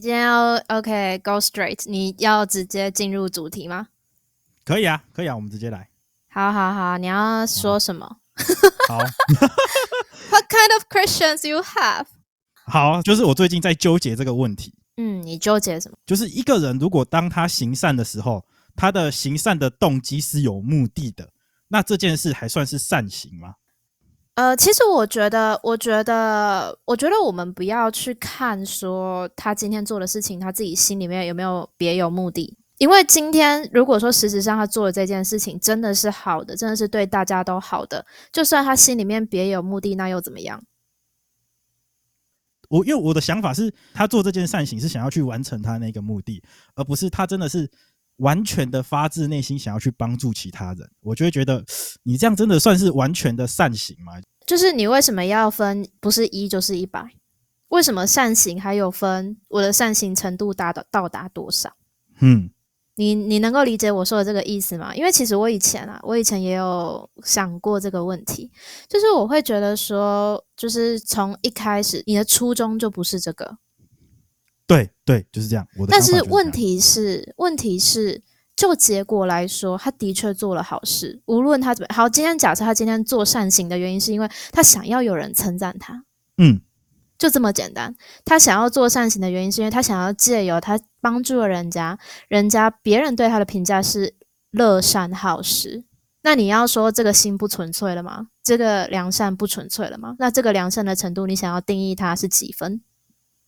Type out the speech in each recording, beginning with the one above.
今天要 OK go straight，你要直接進入主題嗎？可以啊，可以啊，我們直接來。好，好，好，你要說什麼？好。 好 What kind of questions you have？好，就是我最近在糾結這個問題。嗯，你糾結什麼？就是一個人如果當他行善的時候，他的行善的動機是有目的的，那這件事還算是善行嗎？呃，其實我覺得，我覺得，我覺得我們不要去看說他今天做的事情，他自己心裡面有沒有別有目的。因為今天如果說事實上他做的這件事情真的是好的，真的是對大家都好的，就算他心裡面別有目的，那又怎麼樣？我因為我的想法是他做這件善行是想要去完成他那個目的，而不是他真的是。完全的發自內心想要去幫助其他人。我就會覺得你這樣真的算是完全的善行嗎？就是你為什麼要分不是一就是一百？為什麼善行還有分我的善行程度達到到達多少？嗯，你你能夠理解我說的這個意思嗎？因為其實我以前啊，我以前也有想過這個問題，就是我會覺得說，就是從一開始你的初衷就不是這個。對對，就是這樣。但是，問題是，是問題是，問題是就結果來說，他的確做了好事。無論他怎麼樣好，今天假設他今天做善行的原因，是因為他想要有人稱讚他。嗯，就這麼簡單。他想要做善行的原因，是因為他想要借由他幫助了人家，人家別人對他的評價是樂善好施。那你要說這個心不純粹了嗎？這個良善不純粹了嗎？那這個良善的程度，你想要定義它是幾分？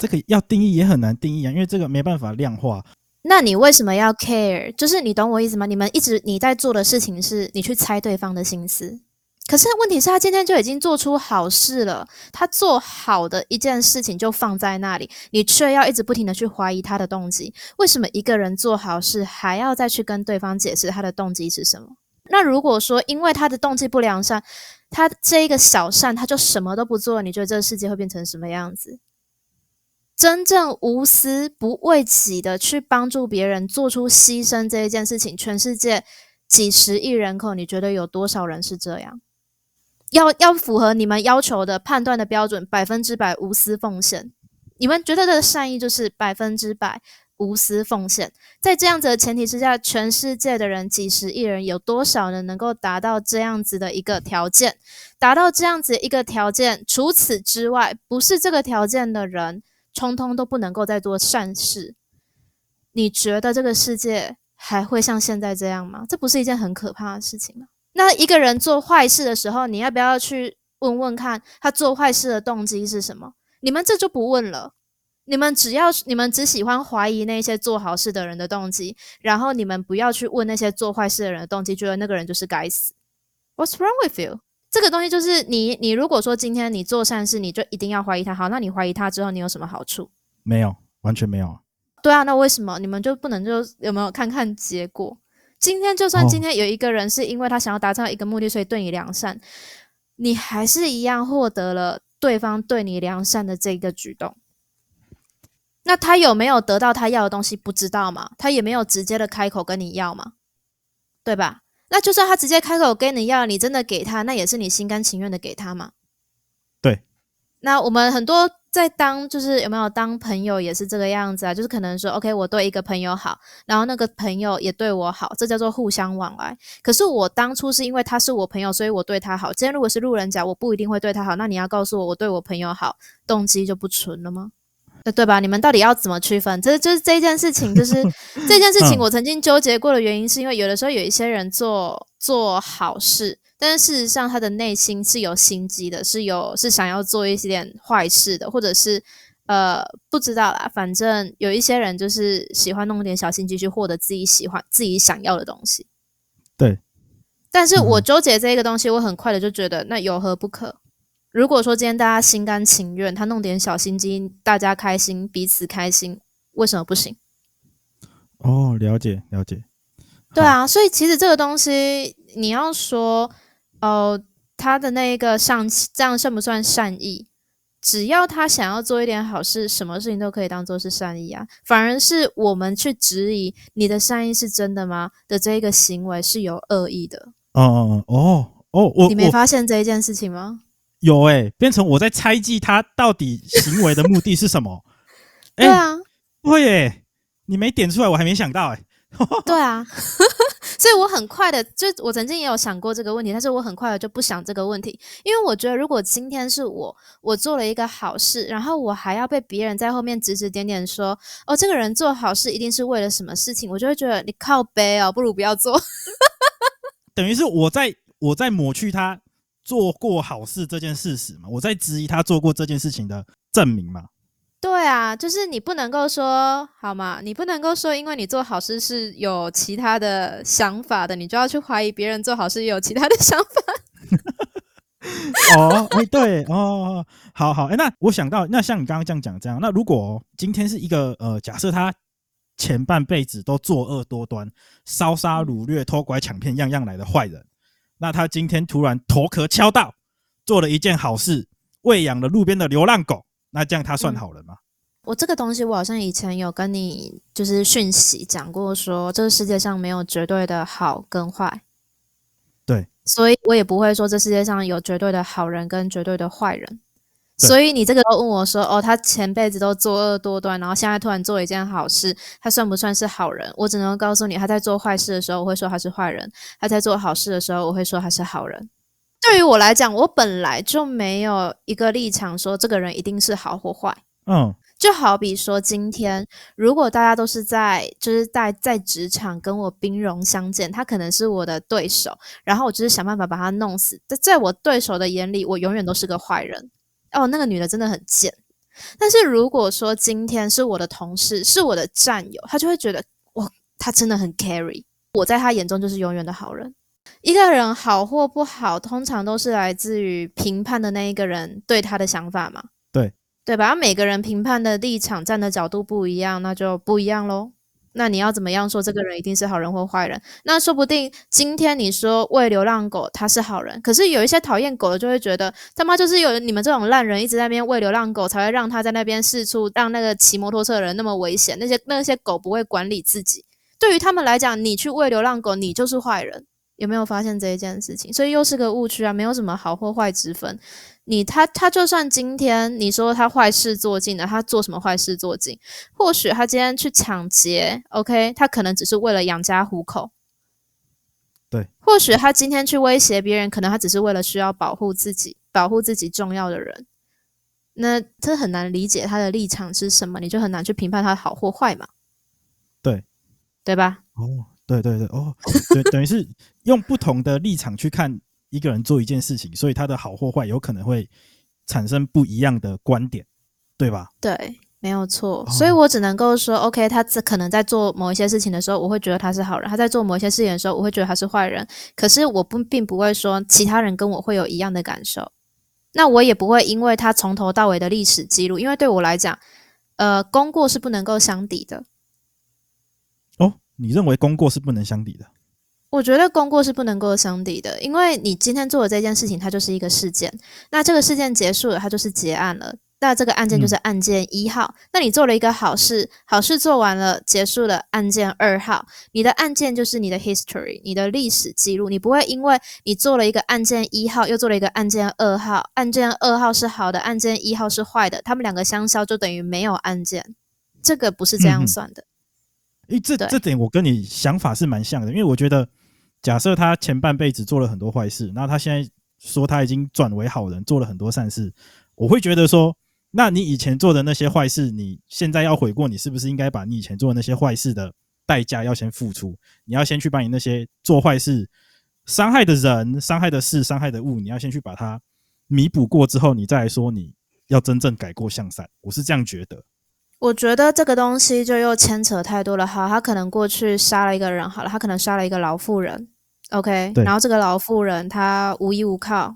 這個要定義也很難定義啊，因為這個沒辦法量化。那你為什麼要 care？就是你懂我意思嗎？你們一直你在做的事情是你去猜對方的心思，可是問題是他今天就已經做出好事了，他做好的一件事情就放在那裡，你卻要一直不停地去懷疑他的動機。為什麼一個人做好事還要再去跟對方解釋他的動機是什麼？那如果說因為他的動機不良善，他這一個小善他就什麼都不做，你覺得這個世界會變成什麼樣子？真正無私不為己的去幫助別人做出犧牲這一件事情，全世界幾十億人口，你覺得有多少人是這樣？要要符合你們要求的判斷的標準，百分之百無私奉獻。你們覺得的善意就是百分之百無私奉獻。在這樣子的前提之下，全世界的人幾十億人，有多少人能夠達到這樣子的一個條件？達到這樣子一個條件，除此之外，不是這個條件的人。通通都不能夠再做善事，你覺得這個世界還會像現在這樣嗎？這不是一件很可怕的事情嗎？那一個人做壞事的時候，你要不要去問問看他做壞事的動機是什麼？你們這就不問了。你們只要，你們只喜歡懷疑那些做好事的人的動機，然後你們不要去問那些做壞事的人的動機，覺得那個人就是該死。What's wrong with you？這個東西就是你，你如果說今天你做善事，你就一定要懷疑他。好，那你懷疑他之後，你有什麼好處？沒有，完全沒有。對啊，那為什麼你們就不能就有沒有看看結果？今天就算今天有一個人是因為他想要達成一個目的，哦、所以對你良善，你還是一樣獲得了對方對你良善的這個舉動。那他有沒有得到他要的東西？不知道嘛？他也沒有直接的開口跟你要嘛？對吧？那就算他直接開口跟你要，你真的給他，那也是你心甘情願的給他嘛？對。那我們很多在當就是有沒有當朋友也是這個樣子啊？就是可能說，OK，我對一個朋友好，然後那個朋友也對我好，這叫做互相往來。可是我當初是因為他是我朋友，所以我對他好。今天如果是路人甲，我不一定會對他好。那你要告訴我，我對我朋友好，動機就不純了嗎？對對吧？你們到底要怎麼區分？這就是這件事情，就是這件事情，就是， 這事情我曾經糾結過的原因，是因為有的時候有一些人做做好事，但是事實上他的內心是有心機的，是有是想要做一些點壞事的，或者是呃不知道啦，反正有一些人就是喜歡弄點小心機去獲得自己喜歡自己想要的東西。對。但是我糾結這個東西，我很快的就覺得那有何不可？如果說今天大家心甘情願，他弄點小心機，大家開心，彼此開心，為什麼不行？哦，了解，了解。對啊，所以其實這個東西，你要說，哦、呃，他的那一個像這樣算不算善意？只要他想要做一點好事，什麼事情都可以當做是善意啊。反而是我們去質疑你的善意是真的嗎的這個行為是有惡意的。嗯、哦哦哦哦哦，我，你沒發現這一件事情嗎？有哎、欸，變成我在猜忌他到底行為的目的是什麼？ 欸、對啊，不會耶、欸，你沒點出來，我還沒想到哎、欸。 對啊， 所以我很快的就，我曾經也有想過這個問題，但是我很快的就不想這個問題，因為我覺得如果今天是我，我做了一個好事，然後我還要被別人在後面指指點點說，哦，這個人做好事一定是為了什麼事情，我就會覺得你靠背哦，不如不要做。 等於是我在，我在抹去他。做過好事這件事實嘛？我在質疑他做過這件事情的證明嘛？對啊，就是你不能夠說，好嘛，你不能夠說，因為你做好事是有其他的想法的，你就要去懷疑別人做好事也有其他的想法。 哦，哎、欸，對哦，好好，哎、欸，那我想到，那像你剛剛這樣講這樣，那如果、哦、今天是一個呃，假設他前半輩子都作惡多端，燒殺擄掠、偷拐搶騙，樣樣來的壞人。那他今天突然頭殼敲到，做了一件好事，餵養了路邊的流浪狗。那這樣他算好人嗎、嗯？我這個東西，我好像以前有跟你就是訊息講過說，說這個世界上沒有絕對的好跟壞。對。所以我也不會說這世界上有絕對的好人跟絕對的壞人。所以你這個時候問我說：“哦，他前輩子都作惡多端，然後現在突然做了一件好事，他算不算是好人？”我只能告訴你，他在做壞事的時候，我會說他是壞人；他在做好事的時候，我會說他是好人。對於我來講，我本來就沒有一個立場說這個人一定是好或壞。嗯、Oh.，就好比說今天，如果大家都是在，就是在在職場跟我兵戎相見，他可能是我的對手，然後我就是想辦法把他弄死。在在我對手的眼裡，我永遠都是個壞人。哦，那個女的真的很賤。但是如果說今天是我的同事，是我的戰友，他就會覺得，哇，她真的很 carry。我在他眼中就是永遠的好人。一個人好或不好，通常都是來自於評判的那一個人對他的想法嘛。對。對吧？每個人評判的立場、站的角度不一樣，那就不一樣嘍。那你要怎麼樣說這個人一定是好人或壞人？那說不定今天你說餵流浪狗，他是好人，可是有一些討厭狗的就會覺得，他媽就是有你們這種爛人一直在那邊餵流浪狗，才會讓他在那邊四處讓那個騎摩托車的人那麼危險。那些那些狗不會管理自己，對於他們來講，你去餵流浪狗，你就是壞人。有沒有發現這一件事情？所以又是個誤區啊，沒有什麼好或壞之分。你他他就算今天你說他壞事做盡了，他做什麼壞事做盡？或許他今天去搶劫，OK，他可能只是為了養家糊口。對。或許他今天去威脅別人，可能他只是為了需要保護自己，保護自己重要的人。那他很難理解他的立場是什麼，你就很難去評判他好或壞嘛。對。對吧？哦對對對，哦，對，等於是用不同的立場去看一個人做一件事情， 所以他的好或壞有可能會產生不一樣的觀點，對吧？對，沒有錯。哦、所以我只能夠說，OK，他可能在做某一些事情的時候，我會覺得他是好人；他在做某一些事情的時候，我會覺得他是壞人。可是我不並不會說其他人跟我會有一樣的感受，那我也不會因為他從頭到尾的歷史記錄，因為對我來講，呃，功過是不能夠相抵的。你認為功過是不能相抵的？我覺得功過是不能夠相抵的，因為你今天做的這件事情，它就是一個事件。那這個事件結束了，它就是結案了。那這個案件就是案件一號。那你做了一個好事，好事做完了，結束了案件二號。你的案件就是你的 history，你的歷史記錄。你不會因為你做了一個案件一號，又做了一個案件二號，案件二號是好的，案件一號是壞的，他們兩個相消，就等於沒有案件。這個不是這樣算的。嗯。嗯誒，這這點我跟你想法是蠻像的，因為我覺得，假設他前半輩子做了很多壞事，那他現在說他已經轉為好人，做了很多善事，我會覺得說，那你以前做的那些壞事，你現在要悔過，你是不是應該把你以前做的那些壞事的代價要先付出？你要先去把你那些做壞事、傷害的人、傷害的事、傷害的物，你要先去把它彌補過之後，你再來說你要真正改過向善，我是這樣覺得。我覺得這個東西就又牽扯太多了。好，他可能過去殺了一個人，好了，他可能殺了一個老婦人。OK，然後這個老婦人她無依無靠，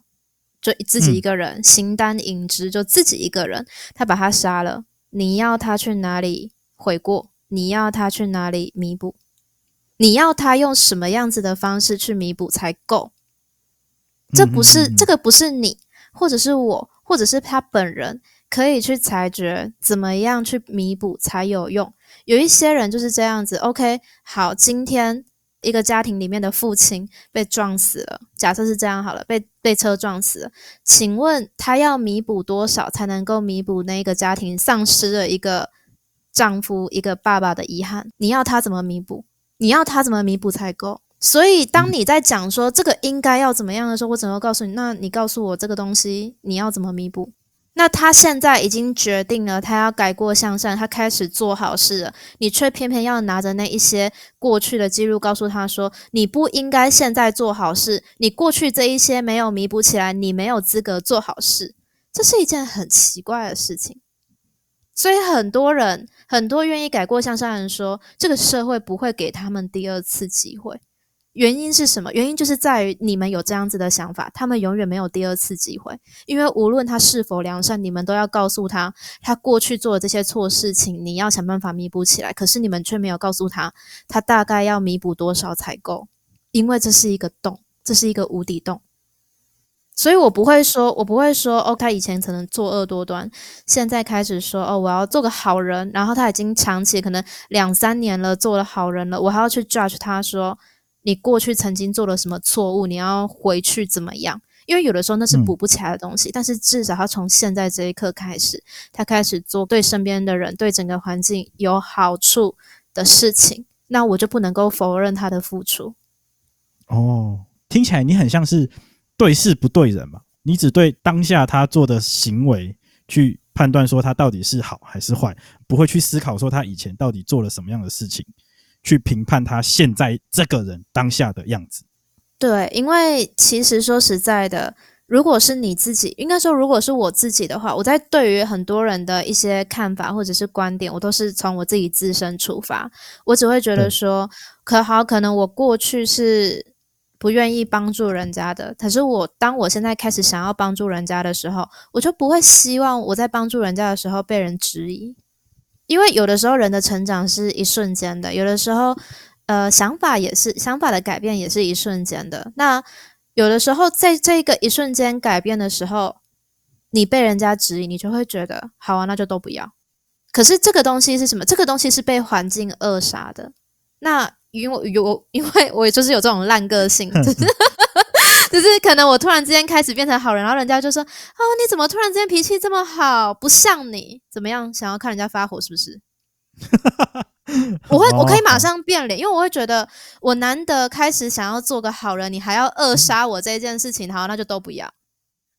就自己一個人，形、嗯、單影只，就自己一個人，他把他殺了。你要他去哪裡悔過？你要他去哪裡彌補？你要他用什麼樣子的方式去彌補才夠？這不是嗯嗯嗯這個，不是你，或者是我，或者是他本人可以去裁決怎麼樣去彌補才有用。有一些人就是這樣子。OK，好，今天一個家庭裡面的父親被撞死了，假設是這樣好了，被被車撞死了，請問他要彌補多少才能夠彌補那個家庭喪失了一個丈夫，一個爸爸的遺憾？你要他怎麼彌補？你要他怎麼彌補才夠？所以當你在講說這個應該要怎麼樣的時候，我怎麼告訴你？那你告訴我這個東西你要怎麼彌補？那他現在已經決定了，他要改過向善，他開始做好事了。你卻偏偏要拿着那一些過去的記錄，告訴他說，你不應該現在做好事，你過去這一些沒有彌補起來，你沒有資格做好事。這是一件很奇怪的事情。所以很多人，很多願意改過向善的人說，這個社會不會給他們第二次機會。原因是什麼？原因就是在於你們有這樣子的想法，他們永遠沒有第二次機會，因為無論他是否良善，你們都要告訴他，他過去做的這些錯事情，你要想辦法彌補起來。可是你們卻沒有告訴他，他大概要彌補多少才夠，因為這是一個洞，這是一個無底洞。所以我不會說，我不會說，哦，他以前可能作惡多端，現在開始說，哦，我要做個好人，然後他已經長期可能兩三年了，做了好人了，我還要去 judge 他說。你過去曾經做了什麼錯誤？你要回去怎麼樣？因為有的時候那是補不起來的東西。嗯，但是至少他從現在這一刻開始，他開始做對身邊的人、對整個環境有好處的事情，那我就不能夠否認他的付出。哦，聽起來你很像是對事不對人嘛？你只對當下他做的行為去判斷說他到底是好還是壞，不會去思考說他以前到底做了什麼樣的事情。去評判他現在這個人當下的樣子。對，因為其實說實在的，如果是你自己，應該說，如果是我自己的話，我在對於很多人的一些看法或者是觀點，我都是從我自己自身出發。我只會覺得說，可好？可能我過去是不願意幫助人家的，可是我當我現在開始想要幫助人家的時候，我就不會希望我在幫助人家的時候被人質疑。因為有的時候人的成長是一瞬間的，有的時候，呃，想法也是，想法的改變也是一瞬間的。那有的時候在，在這個一瞬間改變的時候，你被人家指引，你就會覺得好啊，那就都不要。可是這個東西是什麼？這個東西是被環境扼殺的。那因為有，因為我就是有這種爛個性。呵呵 只、就是可能我突然之間開始變成好人，然後人家就說：“哦，你怎麼突然之間脾氣這麼好？不像你怎麼樣？想要看人家發火是不是？”哈哈哈，我會，我可以馬上變臉，因為我會覺得我難得開始想要做個好人，你還要扼殺我這件事情，好，那就都不要。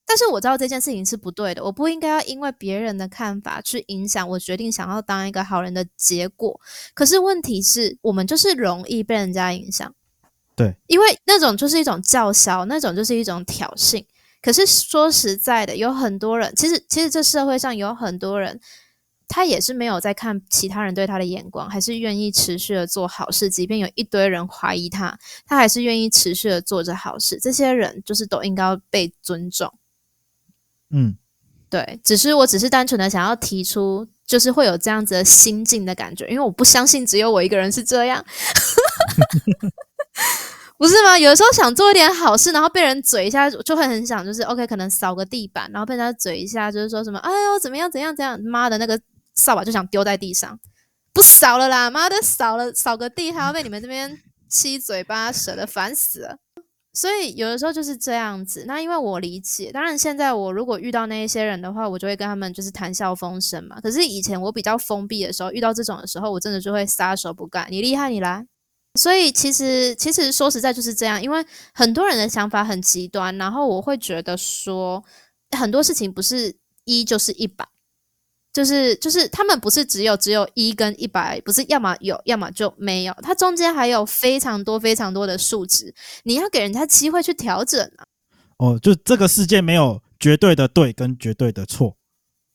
但是我知道這件事情是不對的，我不應該要因為別人的看法去影響我決定想要當一個好人的結果。可是問題是我們就是容易被人家影響。對，因為那種就是一種叫囂，那種就是一種挑釁。可是說實在的，有很多人，其實其實這社會上有很多人，他也是沒有在看其他人對他的眼光，還是願意持續的做好事，即便有一堆人懷疑他，他還是願意持續的做着好事。這些人就是都應該被尊重。嗯，對，只是我只是單純的想要提出，就是會有這樣子的心境的感覺，因為我不相信只有我一個人是這樣。 不是嗎？有的時候想做一點好事，然後被人嘴一下，就會很想就是 OK，可能掃個地板，然後被人家嘴一下，就是說什麼哎呦怎麼樣怎麼樣怎樣，媽的那個掃把就想丟在地上，不掃了啦，媽的掃了掃個地還要被你們這邊七嘴八舌的煩死了。所以有的時候就是這樣子。那因為我理解，當然現在我如果遇到那一些人的話，我就會跟他們就是談笑風生嘛。可是以前我比較封閉的時候，遇到這種的時候，我真的就會撒手不幹，你厲害，你來。所以其實其實說實在就是這樣，因為很多人的想法很極端，然後我會覺得說很多事情不是一就是一百，就是就是他們不是只有只有一跟一百，不是要麼有要麼就沒有，它中間還有非常多非常多的數值，你要給人家機會去調整啊。哦，就這個世界沒有絕對的對跟絕對的錯。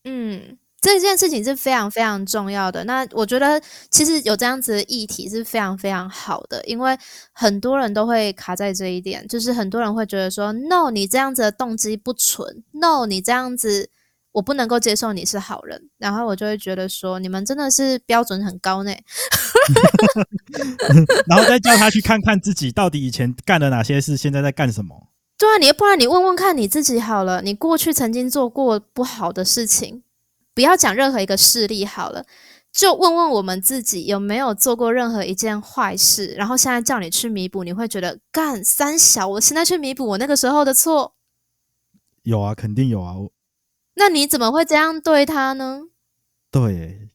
嗯。這件事情是非常非常重要的。那我覺得，其實有這樣子的議題是非常非常好的，因為很多人都會卡在這一點，就是很多人會覺得說：“no，你這樣子的動機不純；no，你這樣子我不能夠接受你是好人。”然後我就會覺得說：“你們真的是標準很高呢。 ” 然後，再叫他去看看自己到底以前幹了哪些事，現在在幹什麼。對啊，你不然你問問看你自己好了，你過去曾經做過不好的事情。不要講任何一個事例好了，就問問我們自己有沒有做過任何一件壞事，然後現在叫你去彌補，你會覺得幹三小，我現在去彌補我那個時候的錯。有啊，肯定有啊。那你怎麼會這樣對他呢？對、欸，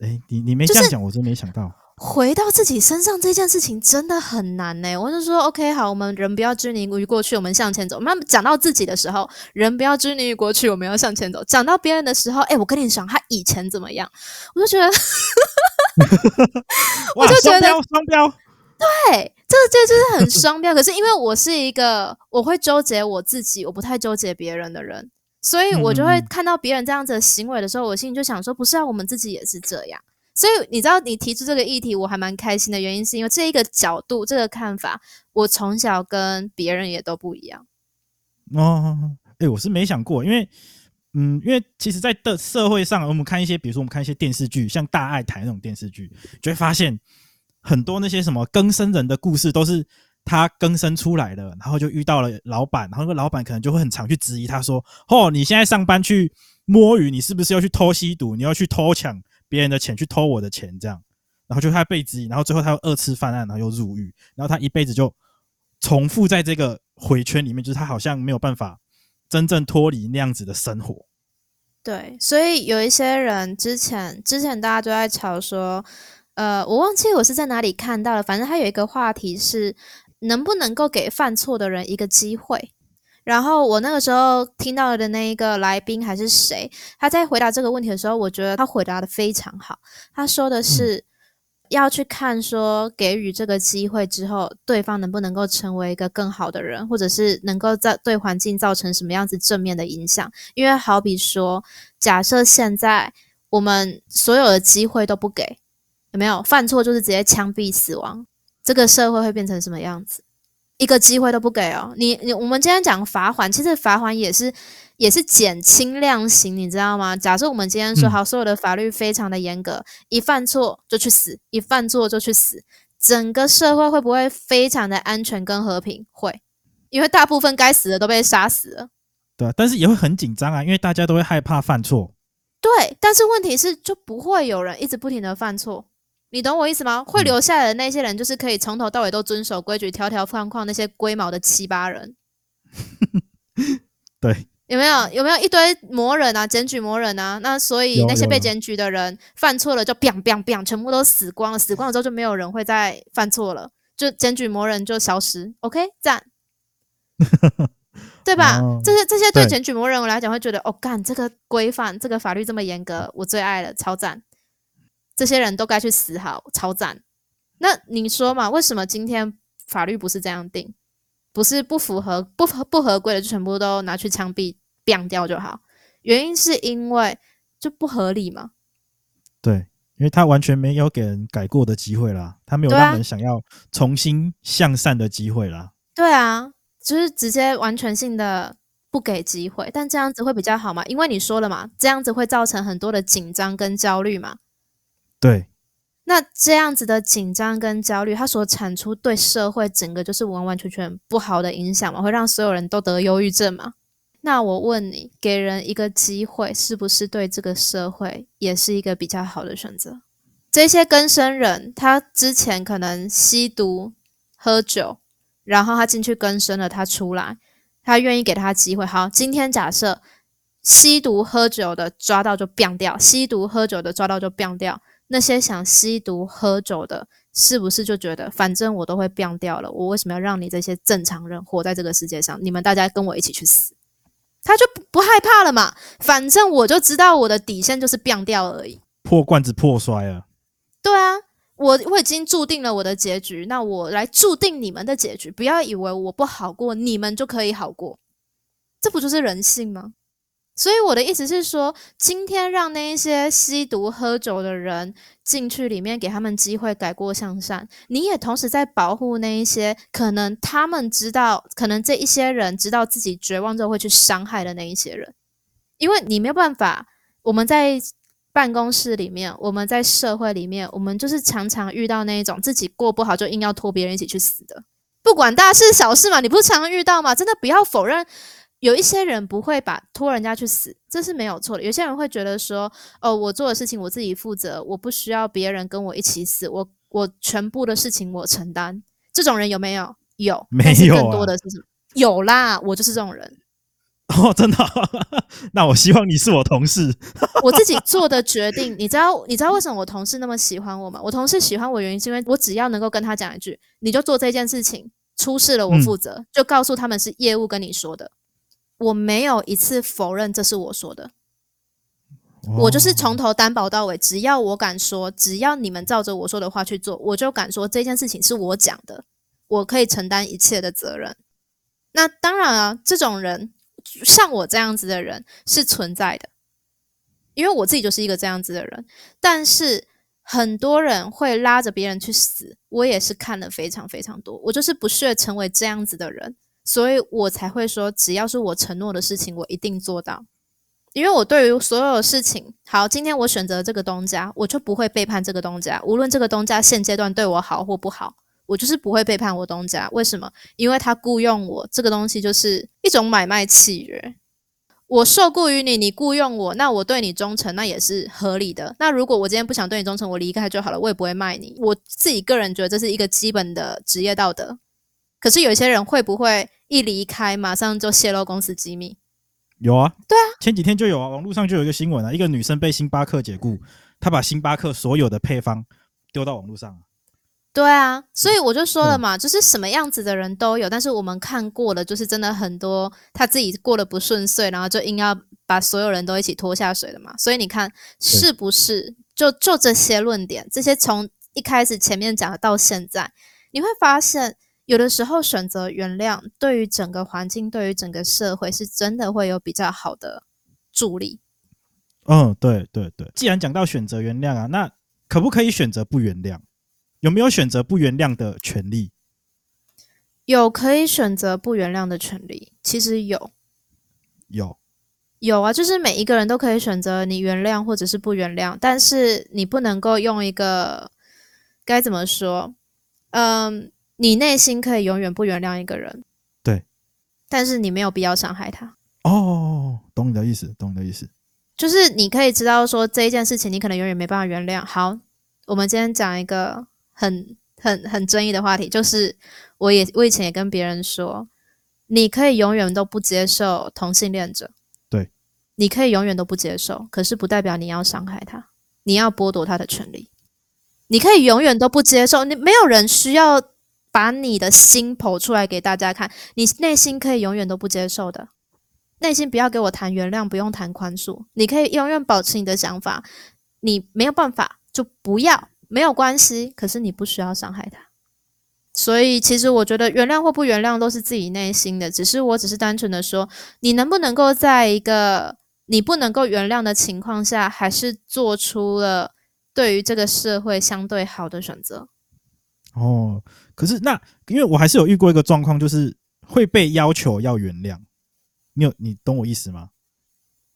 哎、欸，你你沒這樣講、就是，我真沒想到。回到自己身上這件事情真的很難呢、欸。我就說，OK，好，我們人不要拘泥於過去，我們向前走。慢慢講到自己的時候，人不要拘泥於過去，我們要向前走。講到別人的時候，哎、欸，我跟你說他以前怎麼樣，我就覺得， 我就覺得雙標，對，這就是、就是很雙標。 可是因為我是一個我會糾結我自己，我不太糾結別人的人，所以我就會看到別人這樣子的行為的時候，我心裡就想說，不是啊，我們自己也是這樣。所以你知道你提出這個議題，我還蠻開心的，原因是因為這一個角度，這個看法，我從小跟別人也都不一樣。哦，哎，我是沒想過，因為，嗯，因為其實在的社會上，我們看一些，比如說我們看一些電視劇，像《大愛台》那種電視劇，就會發現很多那些什麼更生人的故事，都是他更生出來的，然後就遇到了老闆，然後那個老闆可能就會很常去質疑他，說：“哦，你現在上班去摸魚，你是不是要去偷吸毒，你要去偷搶？”別人的錢，去偷我的錢，這樣，然後就他被質疑，然後最後他又二次犯案，然後又入獄，然後他一輩子就重複在這個回圈裡面，就是他好像沒有辦法真正脫離那樣子的生活。對，所以有一些人之前之前大家都在吵說，呃，我忘記我是在哪裡看到的，反正他有一個話題是能不能夠給犯錯的人一個機會？然後我那個時候聽到的那一個來賓還是誰？他在回答這個問題的時候，我覺得他回答的非常好。他說的是要去看說，給予這個機會之後，對方能不能夠成為一個更好的人，或者是能夠在對環境造成什麼樣子正面的影響。因為好比說，假設現在我們所有的機會都不給，有沒有？犯錯就是直接槍斃死亡，這個社會會變成什麼樣子？一個機會都不給哦！你你我們今天講罰款，其實罰款也是也是減輕量刑，你知道嗎？假設我們今天說好，所有的法律非常的嚴格，嗯，一犯錯就去死，一犯錯就去死，整個社會會不會非常的安全跟和平？會，因為大部分該死的都被殺死了。對啊，但是也會很緊張啊，因為大家都會害怕犯錯。對，但是問題是就不會有人一直不停的犯錯。你懂我意思嗎？會留下來的那些人，就是可以從頭到尾都遵守規矩、條條框框那些龜毛的七八人。 對，有沒有有沒有一堆魔人啊？檢舉魔人啊？那所以那些被檢舉的人犯錯了就，就 biang biang biang，全部都死光了。死光了之後，就沒有人會再犯錯了，就檢舉魔人就消失。OK，讚， 對吧？嗯、這些這些對檢舉魔人我來講，會覺得哦，幹這個規範，這個法律這麼嚴格，我最愛了，超讚。這些人都該去死，好，超讚。那你說嘛，為什麼今天法律不是這樣定？不是不符合、不合不合規的就全部都拿去槍斃、斃掉就好？原因是因為就不合理嘛？對，因為他完全沒有給人改過的機會啦，他沒有讓人想要重新向善的機會啦。對啊。對啊，就是直接完全性的不給機會。但這樣子會比較好嘛？因為你說了嘛，這樣子會造成很多的緊張跟焦慮嘛。對，那這樣子的緊張跟焦慮，它所產出對社會整個就是完完全全不好的影響嘛，會讓所有人都得憂鬱症嘛？那我問你，給人一個機會，是不是對這個社會也是一個比較好的選擇？這些更生人，他之前可能吸毒、喝酒，然後他進去更生了，他出來，他願意給他機會。好，今天假設吸毒喝酒的抓到就斃掉，吸毒喝酒的抓到就斃掉。那些想吸毒喝酒的，是不是就覺得反正我都會變掉了，我為什麼要讓你這些正常人活在這個世界上？你們大家跟我一起去死，他就不不害怕了嘛？反正我就知道我的底線就是變掉而已。破罐子破摔啊！對啊，我我已經注定了我的結局，那我來注定你們的結局。不要以為我不好過，你們就可以好過，這不就是人性嗎？所以我的意思是說，今天讓那一些吸毒喝酒的人進去裡面，給他們機會改過向善。你也同時在保護那一些可能他們知道，可能這一些人知道自己絕望之後會去傷害的那一些人。因為你沒有辦法，我們在辦公室裡面，我們在社會裡面，我們就是常常遇到那一種自己過不好就硬要拖別人一起去死的，不管大事小事嘛，你不是常常遇到嗎？真的不要否認。有一些人不會把拖人家去死，這是沒有錯的。有些人會覺得說：“哦、呃，我做的事情我自己負責，我不需要別人跟我一起死，我我全部的事情我承擔。”這種人有沒有？有？沒有？更多的是什麼有、啊？有啦，我就是這種人。哦，真的？ 那我希望你是我同事。 我自己做的決定，你知道你知道為什麼我同事那麼喜歡我嗎？我同事喜歡我原因是因為我只要能夠跟他講一句，你就做這件事情，出事了我負責、嗯，就告訴他們是業務跟你說的。我沒有一次否認這是我說的，我就是從頭擔保到尾。只要我敢說，只要你們照着我說的話去做，我就敢說這件事情是我講的，我可以承擔一切的責任。那當然了，這種人像我這樣子的人是存在的，因為我自己就是一個這樣子的人。但是很多人會拉着別人去死，我也是看了非常非常多，我就是不屑成為這樣子的人。所以我才會說，只要是我承諾的事情，我一定做到。因為我對於所有的事情，好，今天我選擇了這個東家，我就不會背叛這個東家。無論這個東家現階段對我好或不好，我就是不會背叛我東家。為什麼？因為他雇傭我，這個東西就是一種買賣契約。我受雇於你，你雇傭我，那我對你忠誠，那也是合理的。那如果我今天不想對你忠誠，我離開就好了，我也不會賣你。我自己個人覺得，這是一個基本的職業道德。可是有些人會不會一離開，馬上就洩露公司機密？有啊，對啊，前幾天就有啊，網絡上就有一個新聞啊，一個女生被星巴克解雇，她把星巴克所有的配方丟到網絡上。對啊，所以我就說了嘛，嗯，就是什麼樣子的人都有，但是我們看過了，就是真的很多他自己過得不順遂，然後就硬要把所有人都一起拖下水的嘛。所以你看是不是，就，就就這些論點，這些從一開始前面講的到現在，你會發現。有的時候選擇原諒，對於整個環境，對於整個社會，是真的會有比較好的助力。嗯，對對對。既然講到選擇原諒啊，那可不可以選擇不原諒？有沒有選擇不原諒的權利？有，可以選擇不原諒的權利，其實有。有。有啊，就是每一個人都可以選擇你原諒或者是不原諒，但是你不能夠用一個該怎麼說？嗯。你內心可以永遠不原諒一個人，對，但是你沒有必要傷害他。哦，懂你的意思，懂你的意思，就是你可以知道說這一件事情，你可能永遠沒辦法原諒。好，我們今天講一個很很很爭議的話題，就是我也我以前也跟別人說，你可以永遠都不接受同性戀者，對，你可以永遠都不接受，可是不代表你要傷害他，你要剝奪他的權利，你可以永遠都不接受，你沒有人需要。把你的心剖出來給大家看，你內心可以永遠都不接受的，內心不要給我談原諒，不用談寬恕，你可以永遠保持你的想法，你沒有辦法，就不要，沒有關係，可是你不需要傷害他。所以其實我覺得原諒或不原諒都是自己內心的，只是我只是單純的說，你能不能夠在一個你不能夠原諒的情況下，還是做出了對於這個社會相對好的選擇。哦，可是那因為我還是有遇過一個狀況，就是會被要求要原諒。你有你懂我意思嗎？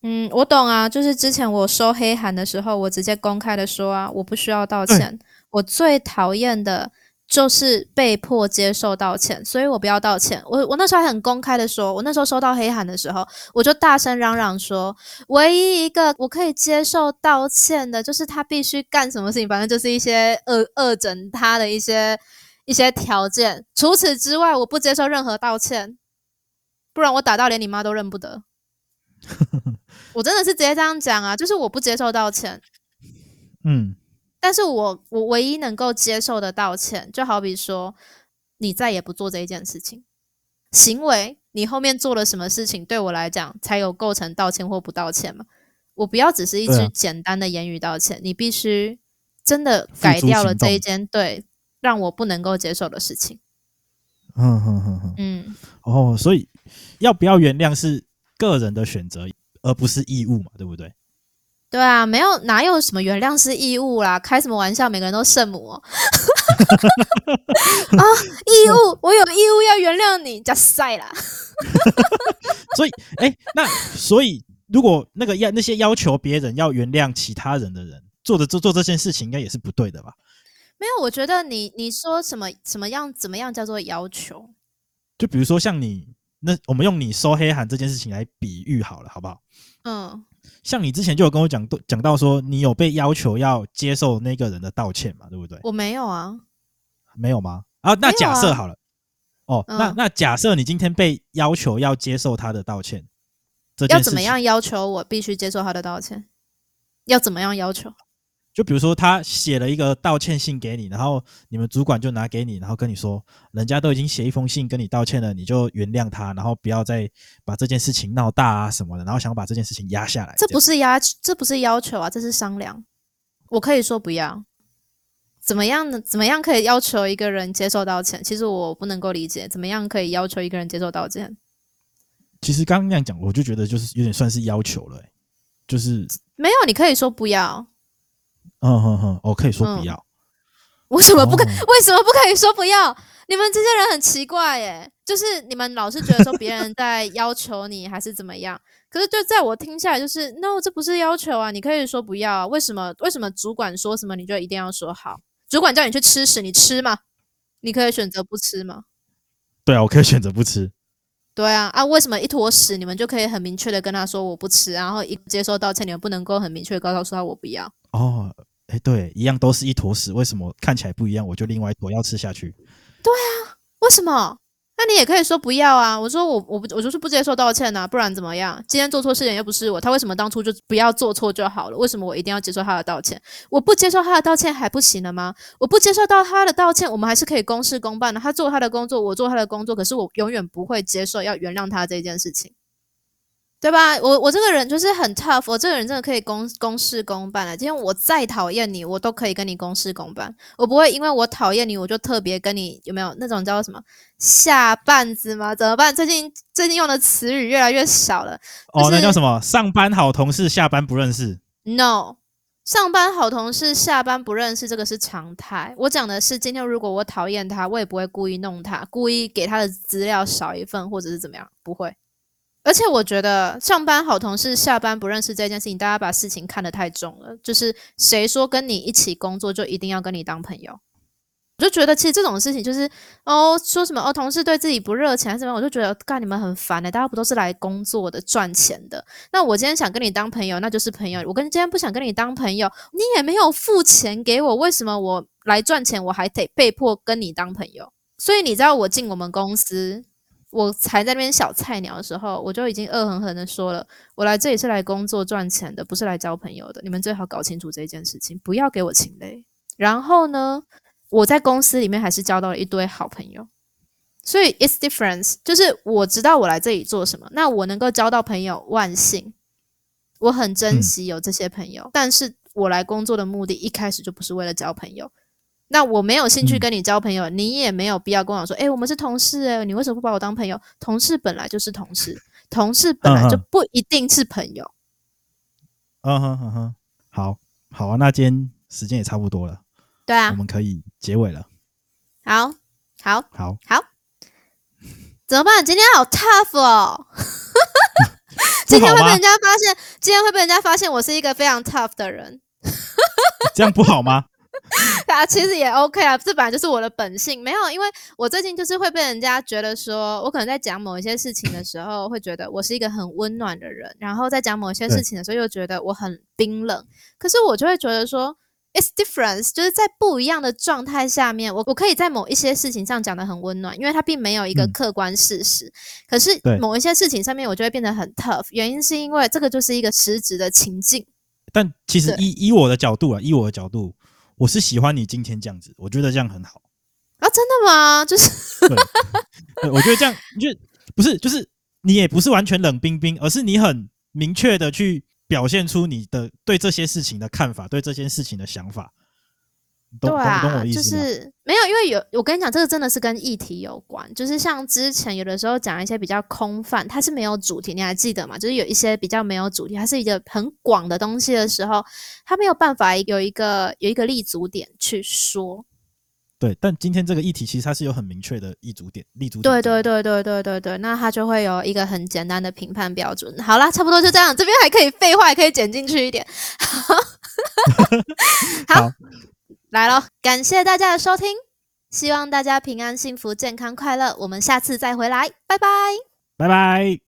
嗯，我懂啊。就是之前我收黑函的時候，我直接公開的說啊，我不需要道歉，欸、我最討厭的。就是被迫接受道歉，所以我不要道歉。我我那時候還很公開的說，我那時候收到黑函的時候，我就大聲嚷嚷說，唯一一個我可以接受道歉的，就是他必須幹什麼事情，反正就是一些惡惡整他的一些一些條件。除此之外，我不接受任何道歉，不然我打到連你媽都認不得。 我真的是直接這樣講啊，就是我不接受道歉。嗯。但是我我唯一能夠接受的道歉，就好比說，你再也不做這一件事情，行為，你後面做了什麼事情，對我來講才有構成道歉或不道歉嘛？我不要只是一句簡單的言語道歉，啊、你必須真的改掉了這一件對，讓我不能夠接受的事情。嗯嗯嗯嗯。嗯。哦，所以要不要原諒是個人的選擇，而不是義務嘛？對不對？對啊，沒有哪有什麼原諒是義務啦，開什麼玩笑？每個人都聖母啊、喔 哦，義務 我有義務要原諒你就是啦。 所以，哎、欸，那所以，如果那個要那些要求別人要原諒其他人的人，做着做做這件事情，應該也是不對的吧？沒有，我覺得你你說什麼什麼樣怎麼樣叫做要求？就比如說像你那，我們用你收黑函這件事情來比喻好了，好不好？嗯。像你之前就有跟我講，講到說你有被要求要接受那個人的道歉嘛，對不對？我沒有啊，沒有嗎？啊，那假設好了，啊、哦，嗯、那那假設你今天被要求要接受他的道歉，這件事要怎麼樣要求我必須接受他的道歉？要怎麼樣要求？就比如說，他寫了一個道歉信給你，然後你們主管就拿給你，然後跟你說，人家都已經寫一封信跟你道歉了，你就原諒他，然後不要再把這件事情鬧大啊什麼的，然後想把這件事情壓下來。這不是壓，這，這不是要求啊，這是商量。我可以說不要，怎麼樣呢？怎麼樣可以要求一個人接受道歉？其實我不能夠理解，怎麼樣可以要求一個人接受道歉？其實剛剛那樣講，我就覺得就是有點算是要求了欸，就是沒有，你可以說不要。嗯哼哼，我、嗯嗯哦、可以說不要。嗯、為什麼不可、哦？為什麼不可以說不要？你們這些人很奇怪耶、欸！就是你們老是覺得說別人在要求你還是怎麼樣， 可是就在我聽下來，就是 no，這不是要求啊，你可以說不要啊。為什麼？為什麼主管說什麼你就一定要說好？主管叫你去吃屎，你吃嗎？你可以選擇不吃嗎？對啊，我可以選擇不吃。對啊，啊，為什麼一坨屎你們就可以很明確的跟他說我不吃，然後一接受道歉，你們不能夠很明確的告訴他我不要？哦。哎、欸，對，一樣都是一坨屎，為什麼看起來不一樣？我就另外一坨要吃下去。對啊，為什麼？那你也可以說不要啊。我說我我不我就是不接受道歉吶、啊，不然怎麼樣？今天做錯事情又不是我，他為什麼當初就不要做錯就好了？為什麼我一定要接受他的道歉？我不接受他的道歉還不行了嗎？我不接受到他的道歉，我們還是可以公事公辦的。他做他的工作，我做他的工作，可是我永遠不會接受要原諒他這件事情。對吧？我我這個人就是很 tough，我這個人真的可以公公事公辦了、啊。今天我再討厭你，我都可以跟你公事公辦。我不會因為我討厭你，我就特別跟你有沒有那種叫什麼下絆子嗎？怎麼辦？最近最近用的詞語越來越少了，就是。哦，那叫什麼？上班好同事，下班不認識。No，上班好同事，下班不認識，這個是常態。我講的是，今天如果我討厭他，我也不會故意弄他，故意給他的資料少一份或者是怎麼樣，不會。而且我覺得上班好同事，下班不認識這件事情，大家把事情看得太重了。就是誰說跟你一起工作就一定要跟你當朋友？我就覺得其實這種事情就是哦，說什麼哦，同事對自己不熱情還是什麼？我就覺得幹你們很煩呢、欸，大家不都是來工作的、賺錢的？那我今天想跟你當朋友，那就是朋友。我跟今天不想跟你當朋友，你也沒有付錢給我，為什麼我來賺錢我還得被迫跟你當朋友？所以你知道我進我們公司。我才在那邊小菜鳥的時候，我就已經惡狠狠的說了，我來這裡是來工作賺錢的，不是來交朋友的。你們最好搞清楚這件事情，不要給我情累。然後呢，我在公司裡面還是交到了一堆好朋友。所以 it's different，就是我知道我來這裡做什麼，那我能夠交到朋友，萬幸，我很珍惜有這些朋友。嗯。但是我來工作的目的，一開始就不是為了交朋友。那我沒有興趣跟你交朋友，嗯、你也沒有必要跟我說，哎、欸，我們是同事，欸，哎，你為什麼不把我當朋友？同事本來就是同事，同事本來就不一定是朋友。嗯哼哼哼，好，好啊，那今天時間也差不多了，對啊，我們可以結尾了。好，好，好，好， 怎麼辦？今天好 tough 哦 好，今天會被人家發現，今天會被人家發現，我是一個非常 tough 的人， 這樣不好嗎？啊， 其實也 OK 啊，這本來就是我的本性。沒有，因為我最近就是會被人家覺得說我可能在講某一些事情的時候，會覺得我是一個很溫暖的人，然後在講某一些事情的時候，又覺得我很冰冷、嗯。可是我就會覺得說，it's difference，就是在不一樣的狀態下面，我我可以在某一些事情上講得很溫暖，因為它並沒有一個客觀事實。嗯、可是某一些事情上面，我就會變得很 tough。原因是因為這個就是一個實質的情境。但其實以以我的角度啊，以我的角度。我是喜歡你今天這樣子，我覺得這樣很好啊！真的嗎？就是對 對，我覺得這樣就不是，就是你也不是完全冷冰冰，而是你很明確的去表現出你的對這些事情的看法，對這些事情的想法。對啊，就是沒有，因為有我跟你講，這個真的是跟議題有關。就是像之前有的時候講一些比較空泛，它是沒有主題，你還記得嗎？就是有一些比較沒有主題，它是一個很廣的東西的時候，它沒有辦法有一個有一個立足點去說。對，但今天這個議題其實它是有很明確的立足點，立足點。對對對對對對對，那它就會有一個很簡單的評判標準。好啦，差不多就這樣，這邊還可以廢話，可以剪進去一點。 好。 好 來了，感謝大家的收聽，希望大家平安、幸福、健康、快樂。我們下次再回來，拜拜，拜拜。